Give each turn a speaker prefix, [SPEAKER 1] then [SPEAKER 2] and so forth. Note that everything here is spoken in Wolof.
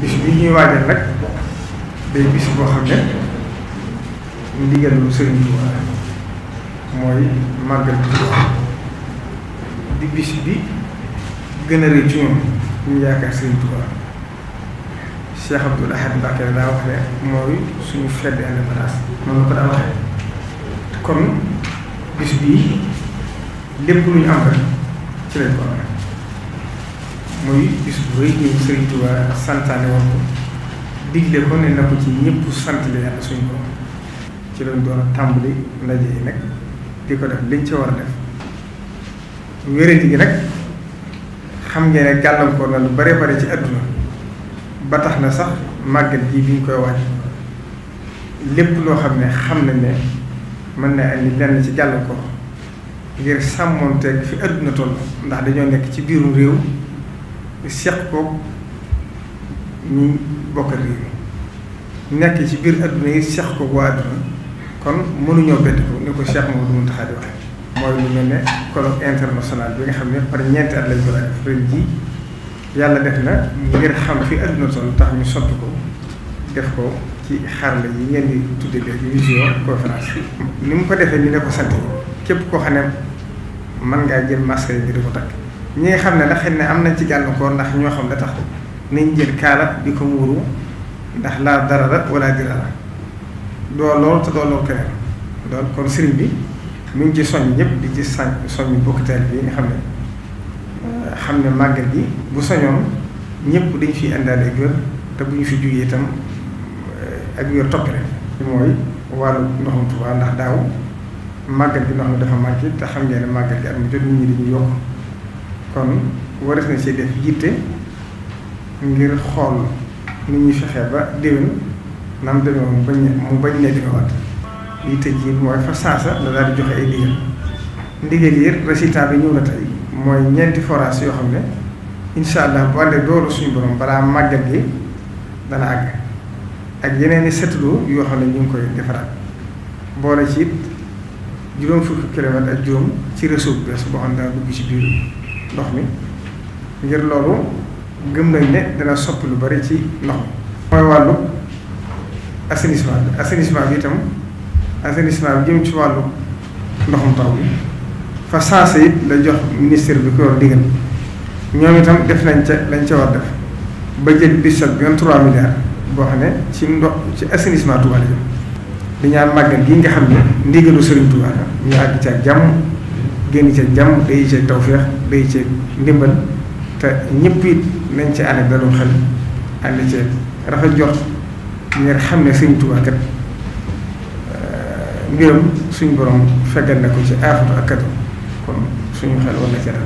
[SPEAKER 1] bis bi ñuy waajal nag day bis boo xam ne ndigal lu sëriñ bi mooy màggal di bis bi gën a rëy ci ñoom ñu yaakaar sëriñ Tuubaa Cheikh Abdoul Ahad Mbacké daa wax ne mooy suñu fedd indépendance noonu la ko daa waxee kon bis bii lépp lu ñu am rek ci lañ ko amee muy bis bu rëy bi Sëriñ Tuubaa santaane woon ko digle ko ne na ko ci ñëpp sant la yàlla suñu borom ci lañ doon tàmbali ndaje yi nag di ko def liñ ci war a def wérante gi nag xam ngeen ne gàllankoor na lu bare bare ci àdduna ba tax na sax màggat gi bi ñu koy waaj lépp loo xam ne xam nañ ne mën na andi lenn ci gàllankoor ngir sàmmoonteeg fi àdduna toll ndax dañoo nekk ci biirum réew السيقكم ني بوكري نك سي بير ادنا سيقكم وادنا كون مونو نيو بيتو نيكو شيخ مو دون تخا دي واخ موي لو ميلني كولوك انترناسيونال بيغا خامي بار نينت ات لاي بلاك في ادنا سون ñi nga xam ne ndax xëy ne am nañ ci gàllankoor ndax ñoo xam da tax nañ jël kaala bi ko muuru ndax laa dara la wala dirara doo lool te doo lool keneen loolu kon sëriñ bi mu ngi ci soñ ñëpp di ci sañ soñ bokkiteel bi nga xam ne euh, xam ne màggal gi bu soñoon ñëpp dañ fi indaale gër te bu ñu fi jugee itam euh, ak wér topp rek mooy wàllu ndoxum Tuubaa ndax daaw màggal gi ndox mi dafa manqué te xam ngeen ne màggal gi am mu jot nit ñi dañuy yokk kon waris na ci def yitte ngir xool ni ñuy fexe ba déwén nam demee mu bañ mu bañ ne dingawaat yitte ji mooy fa saasa la daal di joxe ay ndigal ndigal yi résultat bi ñëw na tey mooy ñeenti forage yoo xam ne incha allah bu àndee doolu suñu borom balaa màggal gi dana àgg ak yeneen i setlu yoo xam ne ñu ngi koy defaraat boole ci juróom fukki kilomètre ak juróom ci réseau bees boo xam ne dana ci biir ndox mi ngir loolu gëm nañ ne dana soppi lu bari ci ndox mi. mooy wàllu assainissement bi assainissement bi itam assainissement bi jëm ci wàllu ndoxum taw bi fa sensé la jox ministère bi ko yor digal ñoom itam def nañ ca lañ ca war def ba jël budget bi 3 milliards boo xam ne ci ndox ci assainissement Touba la jëm. di ñaan màggal gi nga xam ne ndigalu Serigne Touba la ñu àgg ci jàmm. génn ca jàmm day ca tawféex day ca ndimbal te ñëpp it nañ ci ànd ak dalum xel ànd ci rafet jot ngir xam ne sëñ Tuubaa kat euh, mbiram suñu borom feggal na ko ci aafatu ak kon suñu xel war na dal